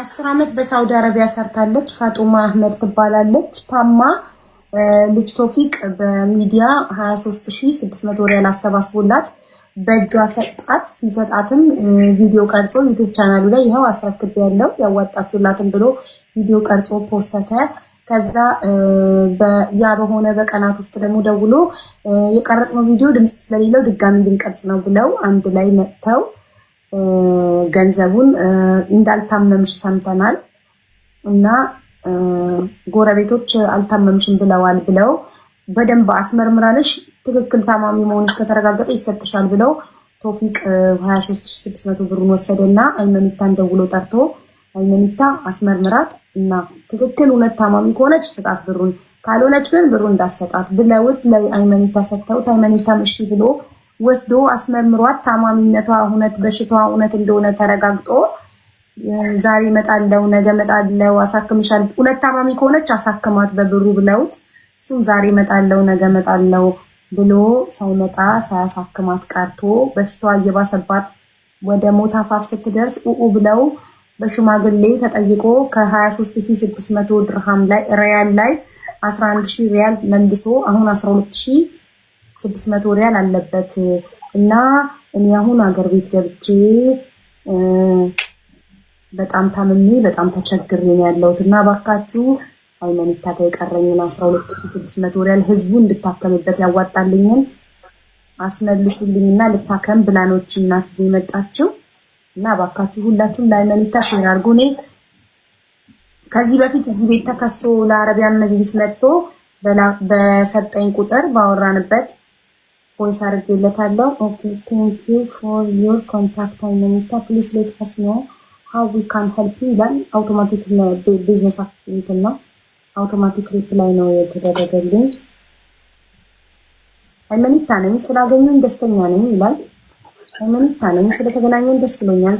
አስር ዓመት በሳውዲ አረቢያ ሰርታለች። ፋጡማ አህመድ ትባላለች። ታማ ልጅ ቶፊቅ በሚዲያ 23600 ሪያል አሰባስቦላት በእጇ ሰጣት። ሲሰጣትም ቪዲዮ ቀርጾ ዩቱብ ቻናሉ ላይ ይኸው አስረክብ ያለው ያዋጣችሁላትም ብሎ ቪዲዮ ቀርጾ ፖሰተ። ከዛ ያ በሆነ በቀናት ውስጥ ደግሞ ደውሎ የቀረጽነው ቪዲዮ ድምፅ ስለሌለው ድጋሚ ልንቀርጽ ነው ብለው አንድ ላይ መጥተው ገንዘቡን እንዳልታመምሽ ሰምተናል እና ጎረቤቶች አልታመምሽም ብለዋል ብለው በደንብ አስመርምራለሽ ትክክል ታማሚ መሆንሽ ከተረጋገጠ ይሰጥሻል ብለው ቶፊቅ 23600 ብሩን ወሰደና አይመኒታን ደውሎ ጠርቶ አይመኒታ አስመርምራት እና ትክክል እውነት ታማሚ ከሆነች ስጣት ብሩን፣ ካልሆነች ግን ብሩን እንዳሰጣት ብለውት ለአይመኒታ ሰጥተውት አይመኒታም እሺ ብሎ ወስዶ አስመርምሯት ታማሚነቷ እውነት በሽታዋ እውነት እንደሆነ ተረጋግጦ ዛሬ መጣለው ነገ መጣለው አሳክምሻል፣ እውነት ታማሚ ከሆነች አሳክማት በብሩ ብለውት እሱም ዛሬ መጣለው ነገ መጣለው ብሎ ሳይመጣ ሳያሳክማት ቀርቶ በሽታዋ እየባሰባት ወደ ሞት አፋፍ ስትደርስ ኡኡ ብለው በሽማግሌ ተጠይቆ ከ23600 ድርሃም ላይ ሪያል ላይ 11000 ሪያል መልሶ አሁን 12000 ስድስት መቶ ሪያል አለበት እና እኔ አሁን አገር ቤት ገብቼ በጣም ታምሜ በጣም ተቸግሬ ነው ያለሁት እና ባካችሁ ሃይማኖታ የቀረኝን አስራ ሁለት ሺ ስድስት መቶ ሪያል ህዝቡ እንድታከምበት ያዋጣልኝን አስመልሱልኝ እና ልታከም ብላኖች እናት ዜ መጣችው እና ባካችሁ ሁላችሁም ለሃይማኖታ ሼር አድርጉ። እኔ ከዚህ በፊት እዚህ ቤት ተከሶ ለአረቢያን መጅሊስ መጥቶ በሰጠኝ ቁጥር ባወራንበት ቮይስ አድርጌለታለሁ። ኦኬ ቴንክ ዩ ፎር ዮር ኮንታክት አይመኒታ ፕሊስ ሌት አስ ኖ ሀው ዊ ካን ሄልፕ ይላል። አውቶማቲክ ቢዝነስ እንትን ነው። አውቶማቲክ ሪፕላይ ነው የተደረገልኝ። አይመኒታ ነኝ ስላገኙኝ ደስተኛ ነኝ ይላል። አይመኒታ ነኝ ስለተገናኘን ደስ ብሎኛል።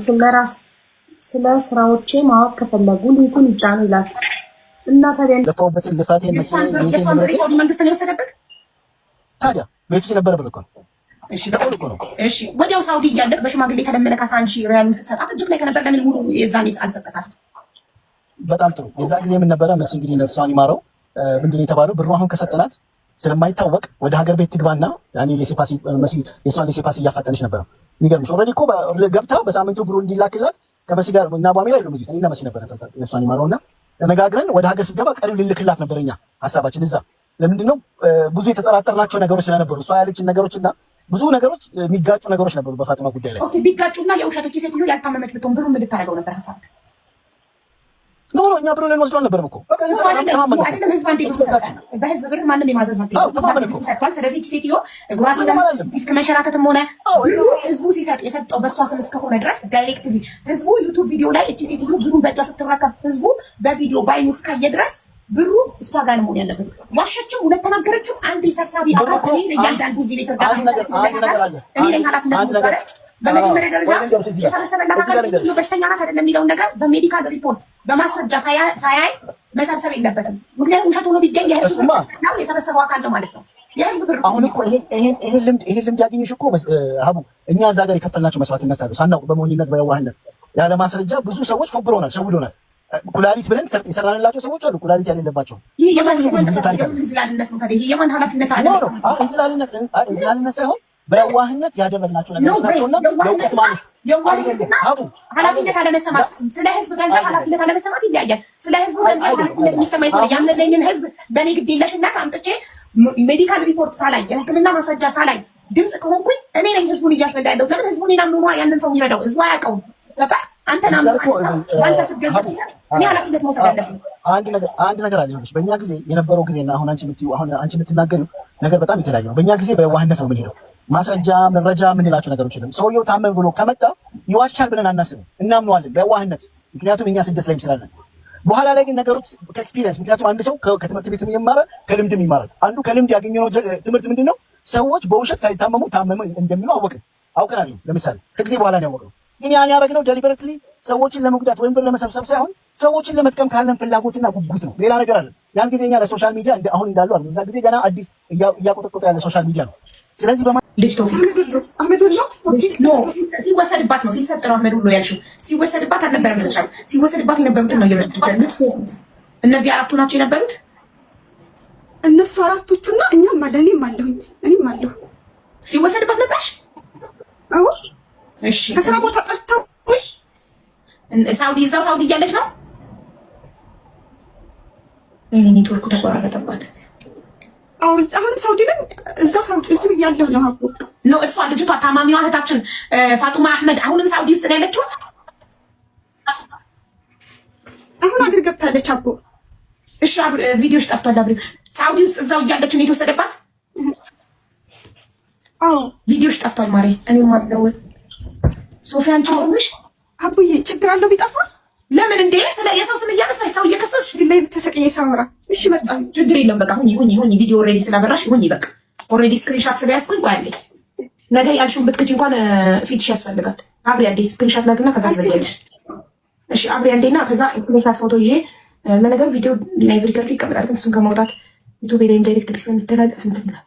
ስለ ስራዎቼ ማወቅ ከፈለጉ ሊንኩን ይጫኑ ይላል። እና ታዲያ ለፈውበትን ልፋት መንግስት የወሰደበት። ታዲያ ቤት ውስጥ ነበረ እኮ ነው። እሺ ወዲያው ሳውዲ እያለህ በሽማግሌ የተለመነ ከአስራ አንድ ሺህ ሪያሉን ስትሰጣት እጅግ ላይ ከነበር ለምን ሙሉ የዛን አልሰጠካትም? በጣም ጥሩ። የዛ ጊዜ ምን ነበረ መስ እንግዲህ ነፍሷን ይማረው ምንድን የተባለው? ብሩ አሁን ከሰጠናት ስለማይታወቅ ወደ ሀገር ቤት ትግባና የእሷን ሌሴፓሲ እያፋጠነች ነበረ። የሚገርምሽ ኦልሬዲ እኮ ገብታ በሳምንቱ ብሩ እንዲላክላት ከመሲ ጋር እና ቧሜ ላይ ሉዚ እኔና መሲ ነበረ ነፍሷን ይማረው እና ተነጋግረን ወደ ሀገር ስትገባ ቀሪው ልልክላት ነበር እኛ ሀሳባችን እዛ። ለምንድን ነው ብዙ የተጠራጠርናቸው ነገሮች ስለነበሩ እሷ ያለችን ነገሮች እና ብዙ ነገሮች የሚጋጩ ነገሮች ነበሩ በፋጥማ ጉዳይ ላይ ቢጋጩና የውሸቶች ሴትዮ ያልታመመች ብትሆን ብሩ የምታደርገው ነበር ሀሳብ ነው ነው እኛ ብሎ ወስዶ አልነበረም እኮ በህዝብ ብር ማንም የማዘዝ መብት ሰጥቷል። ስለዚህ ሴትዮ እግሯ ዲስክ መንሸራተትም ሆነ ህዝቡ ሲሰጥ የሰጠው በእሷ ስም እስከሆነ ድረስ ዳይሬክትሊ ህዝቡ ዩቱብ ቪዲዮ ላይ እቺ ሴትዮ ብሩን በእጇ ስትረከብ ህዝቡ በቪዲዮ ባይኑ እስካየ ድረስ ብሩ እሷ ጋር መሆን ያለበት። ዋሸችም፣ ሁለት ተናገረችው አንድ የሰብሳቢ አካል እያንዳንዱ እዚህ ቤት እርዳታ እኔ ላይ ኃላፊነት በመጀመሪያ ደረጃ የፈለሰበላት አካል በሽተኛ ናት አይደለም የሚለውን ነገር በሜዲካል ሪፖርት በማስረጃ ሳያይ መሰብሰብ የለበትም። ምክንያቱም ውሸት ሆኖ ቢገኝ የህዝብ የሰበሰበው አካል ነው ማለት ነው። የህዝብ ብር አሁን እኮ ይሄን ልምድ ያገኘሽ እኮ ሀቡ፣ እኛ እዛ ሀገር የከፈልናቸው መስዋዕትነት አሉ። ሳናውቅ በሞኝነት በየዋህነት ያለ ማስረጃ ብዙ ሰዎች ፎግረውናል፣ ሸውዶናል። ኩላሊት ብለን የሰራንላቸው ሰዎች አሉ። ኩላሊት ያሌለባቸው እንዝላልነት ሳይሆን በዋህነት ያደረግናቸው ነገሮች ናቸው እና የእውቀት ማለት ኃላፊነት አለመሰማት ስለ ህዝብ ገንዘብ ኃላፊነት አለመሰማት ይለያያል። ስለ ህዝቡ ገንዘብ ኃላፊነት ህዝብ በእኔ ግዴለሽነት አምጥቼ ሜዲካል ሪፖርት ሳላይ የህክምና ማስረጃ ሳላይ ድምፅ ከሆንኩኝ እኔ ነኝ ህዝቡን እያስረዳ ያለሁት። ለምን ህዝቡን ያንን ሰው የሚረዳው ህዝቡ አያውቀውም። ገባህ? አንተ ሲሰጥ እኔ ኃላፊነት መውሰድ አለብኝ። አንድ ነገር አንድ ነገር አለ። በእኛ ጊዜ የነበረው ጊዜና አሁን አንቺ የምትናገሪው ነገር በጣም የተለያየ ነው። በእኛ ጊዜ በዋህነት ነው ምን ማስረጃ መረጃ የምንላቸው ነገሮች የለም። ሰውየው ታመም ብሎ ከመጣ ይዋሻል ብለን አናስብም፣ እናምነዋለን በዋህነት ምክንያቱም እኛ ስደት ላይ ስላለን። በኋላ ላይ ግን ነገሮች ከኤክስፒሪየንስ ምክንያቱም አንድ ሰው ከትምህርት ቤት ይማራል፣ ከልምድም ይማራል። አንዱ ከልምድ ያገኘነው ትምህርት ምንድን ነው? ሰዎች በውሸት ሳይታመሙ ታመመ እንደሚሉ አወቅን አውቀናል። ለምሳሌ ከጊዜ በኋላ ነው ያወቅነው። ግን ያን ያደረግነው ዴሊበረትሊ ሰዎችን ለመጉዳት ወይም ብር ለመሰብሰብ ሳይሆን ሰዎችን ለመጥቀም ካለን ፍላጎትና ጉጉት ነው። ሌላ ነገር አለ። ያን ጊዜ እኛ ለሶሻል ሚዲያ አሁን እንዳሉ አለ። እዛ ጊዜ ገና አዲስ እያቆጠቆጠ ያለ ሶሻል ሚዲያ ነው ስለዚህ ልጅ ሲወሰድባት ነው ሲሰጥ ነው አህመድ ሁሉ ያልሽው ሲወሰድባት አልነበረም ብለሻል። ሲወሰድባት የነበሩትን ነው ልጅ ቶፊቅ። እነዚህ አራቱ ናቸው የነበሩት እነሱ አራቶቹና እኛም አለ እኔም አለሁኝ እኔም አለሁ። ሲወሰድባት ነበርሽ? አዎ። እሺ ከስራ ቦታ ጠርተው ሳውዲ እዛው ሳውዲ እያለች ነው። ኔትወርኩ ተቆራረጠባት። አሁንም ሳውዲ ነኝ። እዛ ሳውዲ እዚህ ያለው ነው ሀቦ ነው እሷ ልጅቷ ታማሚዋ እህታችን ፋጡማ አህመድ አሁንም ሳውዲ ውስጥ ነው ያለችው። አሁን አገር ገብታለች አቦ። እሺ ቪዲዮሽ ጠፍቷል። አብሪ ሳውዲ ውስጥ እዛው እያለች ነው የተወሰደባት። አዎ ቪዲዮሽ ጠፍቷል። ማሬ እኔ ማለው ሶፊያን ቻውሽ አቦዬ ችግር አለው ቢጠፋ ለምን እንዴ? ስለ የሰው ስም እያነሳሽ ሰው እየከሰስሽ ፊት ላይ ብትሰቅዬ ሳወራ እሺ፣ መጣ ችግር የለም። በቃ ሁኝ ሁኝ ሁኝ፣ ቪዲዮ ኦልሬዲ ስላበራሽ ሁኝ። በቃ ኦልሬዲ ስክሪንሻት ስለያዝኩኝ ቆይ አለኝ። ነገ ያልሽውን ብትክች እንኳን ፊትሽ ያስፈልጋል። አብሪ አንዴ ስክሪንሻት ላግና ከዛ ዘገልሽ። እሺ፣ አብሪ አንዴና ከዛ ስክሪንሻት ፎቶ ይዤ ለነገሩ ቪዲዮ ላይቭ ሪከርዱ ይቀመጣል። ግን እሱን ከማውጣት ዩቱብ ላይም ዳይሬክት ስለሚተላለፍ እንትን ይላል።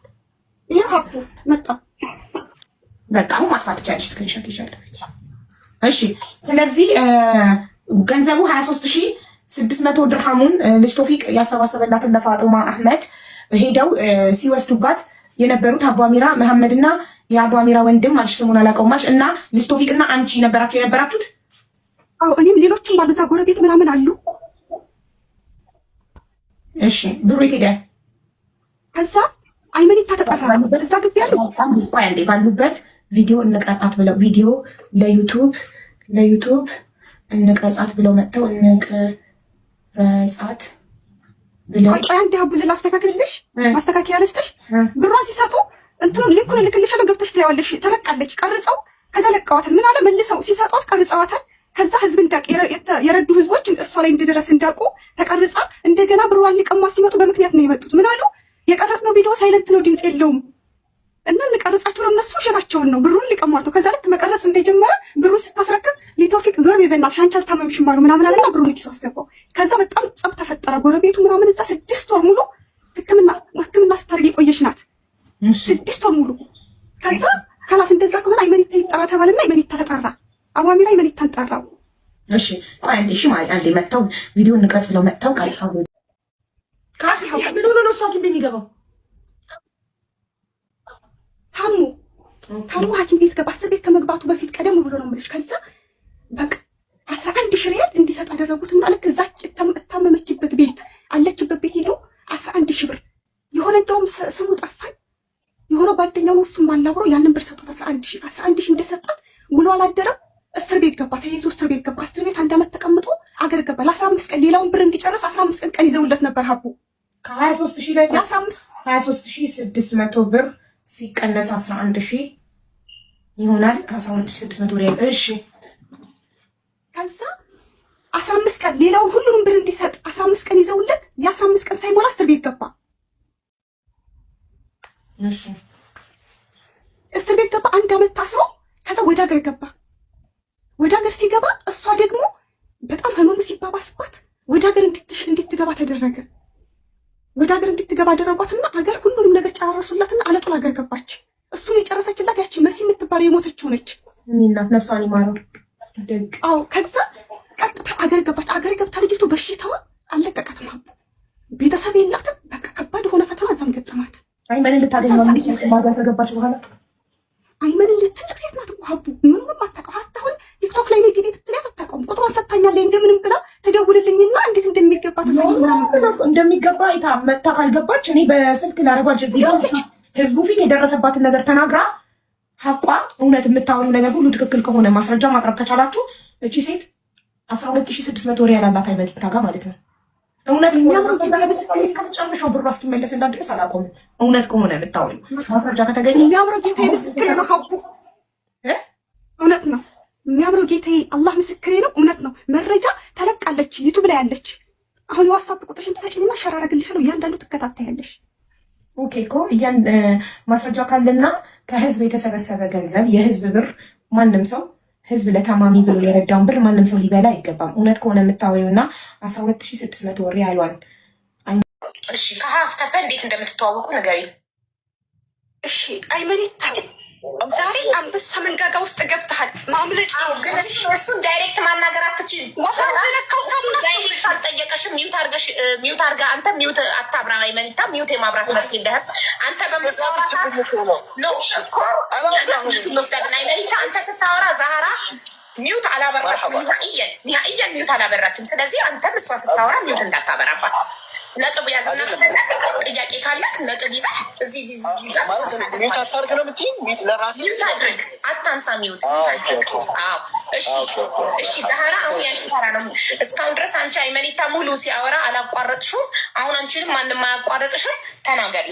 ይህ ሀብቱ መጣ በቃ አሁን ማጥፋት ትቻለሽ። ስክሪንሻት ይሻለ። እሺ፣ ስለዚህ ገንዘቡ 23600 ድርሃሙን ልጅ ቶፊቅ ያሰባሰበላትን ለፋጡማ አህመድ ሄደው ሲወስዱባት የነበሩት አቧሚራ መሐመድ እና የአቧሚራ ወንድም አልሽ ስሙን አላቀውማሽ እና ልጅ ቶፊቅ እና አንቺ ነበራችሁ የነበራችሁት? አዎ እኔም ሌሎችም ባሉዛ ጎረቤት ምናምን አሉ። እሺ ብሩ የት ሄደ? ከዛ አይመኒታ ተጠራ እዛ ግቢ ያሉ ባሉበት ቪዲዮ እንቅረጻት ብለው ቪዲዮ ለዩቱብ ለዩቱብ እንቅረጻት ብለው መጥተው እንቅረጻት ብለው አንድ አቡዝ ላስተካክልልሽ፣ ማስተካከያ ልስጥሽ። ብሯን ሲሰጡ እንትኑን ሊንኩን እልክልሻለሁ፣ ገብተሽ ታያዋለሽ። ተለቃለች፣ ቀርጸው ከዛ ለቀዋታል። ምን አለ መልሰው ሲሰጧት ቀርጸዋታል። ከዛ ህዝብ እንዳቅ የረዱ ህዝቦች እሷ ላይ እንድደረስ እንዳቁ ተቀርጻ እንደገና ብሯን ሊቀሟ ሲመጡ በምክንያት ነው የመጡት። ምን አሉ? የቀረጽነው ቪዲዮ ሳይለንት ነው ድምፅ የለውም እና እንቀረጻችሁ ነው። እነሱ ውሸታቸውን ነው። ብሩን ሊቀሟቸው ከዛ ልክ መቀረጽ እንደጀመረ ብሩን ስታስረክብ ሊቶፊቅ ዞር ቤበና ሻንቻ ልታመምሽም አሉ ምናምን አለና ብሩን ኪሱ አስገባው። ከዛ በጣም ጸብ ተፈጠረ። ጎረቤቱ ምናምን እዛ ስድስት ወር ሙሉ ህክምና ህክምና ስታደርግ የቆየች ናት። ስድስት ወር ሙሉ ከዛ ከላስ እንደዛ ከሆነ አይመኒታ ይጠራ ተባለና አይመኒታ ተጠራ። አዋሚራ አይመኒታን ጠራው። እሺ ቆይ አንዴ፣ እሺ ማለት አንዴ መጥተው ቪዲዮ ንቀት ብለው መጥተው ቃል ካሉ ካሉ ምን ሆኖ ነው እሷ ግን የሚገባው ታሞ ሐኪም ቤት ገባ። አስር ቤት ከመግባቱ በፊት ቀደም ብሎ ነው የምልሽ። ከዛ በቃ አስራ አንድ ሺህ ሪያል እንዲሰጥ አደረጉትና ልክ እዛ እታመመችበት ቤት አለችበት ቤት ሄዶ አስራ አንድ ሺህ ብር የሆነ እንደውም ስሙ ጠፋኝ የሆነ ጓደኛውን እሱም አላብሮ ያንን ብር ሰጥቷት አስራ አንድ ሺህ አስራ አንድ ሺህ እንደሰጣት ውሎ አላደረም። እስር ቤት ገባ። ተይዞ እስር ቤት ገባ። እስር ቤት አንድ ዓመት ተቀምጦ አገር ገባ። ለአስራ አምስት ቀን ሌላውን ብር እንዲጨርስ አስራ አምስት ቀን ቀን ይዘውለት ነበር ሀቡ ከሀያ ሶስት ሺህ ላይ ሀያ ሶስት ሺህ ስድስት መቶ ብር ሲቀነስ 11 ሺህ ይሆናል 12600 ሪያል። እሺ ከዛ 15 ቀን ሌላውን ሁሉንም ብር እንዲሰጥ 15 ቀን ይዘውለት የ15 ቀን ሳይሞላ እስር ቤት ገባ። እሺ እስር ቤት ገባ። አንድ አመት ታስሮ ከዛ ወደ ሀገር ገባ። ወደ ሀገር ሲገባ እሷ ደግሞ በጣም ህመሙ ሲባባስባት ወደ ሀገር እንድትገባ ተደረገ። ወደ ሀገር እንድትገባ አደረጓትና ሀገር ሁሉንም ነገር ጨራረሱላትና አለጡል ሀገር ገባች። እሱን የጨረሰችላት ያቺ መሲ የምትባለው የሞተች ሆነች። እናት ከዛ ቀጥታ አገር ገባች። አገር ገብታ ልጅቱ በሽታዋ አለቀቃትም። ቤተሰብ የላትም። በቃ ከባድ የሆነ ፈተና እዛም ገጠማት። አይመንን ልታገኘ ትልቅ ሴት ናት እኮ ሀቡ ምንም አታውቀው። ሀታሁን ቲክቶክ ላይ ኔ ጊዜ ብትለያት አታውቀውም። ቁጥሯን ሰታኛለ እንደምንም ብላ ትደውልልኝና እንደሚገባ እንደሚገባ አይታ መታ ካልገባች እኔ በስልክ ላደረጓች እዚህ ጋር ህዝቡ ፊት የደረሰባትን ነገር ተናግራ ሀቋ እውነት የምታወሪው ነገር ሁሉ ትክክል ከሆነ ማስረጃ ማቅረብ ከቻላችሁ እቺ ሴት አስራ ሁለት ሺህ ስድስት ጋር ማለት ነው። እውነት እስከመጨረሻው ብሯ እስኪመለስላት ድረስ አላቆምም። እውነት ከሆነ የምታወሪው ማስረጃ ከተገኘ እውነት ነው። የሚያምረው ጌታዬ፣ አላህ ምስክሬ ነው። እውነት ነው። መረጃ ተለቃለች፣ ዩቱብ ላይ ያለች አሁን የዋትሳፕ ቁጥርሽን ትሰጪኝና ሸር አደርግልሻለሁ። እያንዳንዱ ትከታተያለሽ። ኦኬ እኮ እያን ማስረጃ ካለና ከህዝብ የተሰበሰበ ገንዘብ የህዝብ ብር ማንም ሰው ህዝብ ለታማሚ ብሎ የረዳውን ብር ማንም ሰው ሊበላ አይገባም። እውነት ከሆነ የምታወሪው እና አስራ ሁለት ሺ ስድስት መቶ ወሬ ያሏል። እሺ ከሀ እስከ ፐ እንዴት እንደምትተዋወቁ ንገሪ። እሺ አይመኔታ ዛሬ አንበሳ መንጋጋ ውስጥ ገብተሃል። ማምለጫ ግን ዳይሬክት ማናገር አትችል። ውሃ ለካው ሳሙና አልጠየቀሽም። ሚዩት አርገሽ ሚዩት አርጋ አንተ ሚዩት አታብራ መኒታ ሚዩት የማብራት መብት የለህም። አንተ በምትወስደን አይመኒታ አንተ ስታወራ ዛህራ ሚዩት አላበራችም። ኒሀእየን ኒሀእየን ሚዩት አላበራችም። ስለዚህ አንተም እሷ ስታወራ ሚዩት እንዳታበራባት ነጥብ ያዝና ከፈለግ ጥያቄ ካለክ ነጥብ ይዘህ እዚህ አታርግ አድርግ፣ አታንሳ። ሚዩት እሺ፣ እሺ። ዛህራ አሁን ያንቺ ነው። እስካሁን ድረስ አንቺ አይመኒታ ሙሉ ሲያወራ አላቋረጥሽም። አሁን አንቺንም ማንም አያቋረጥሽም። ተናገሪ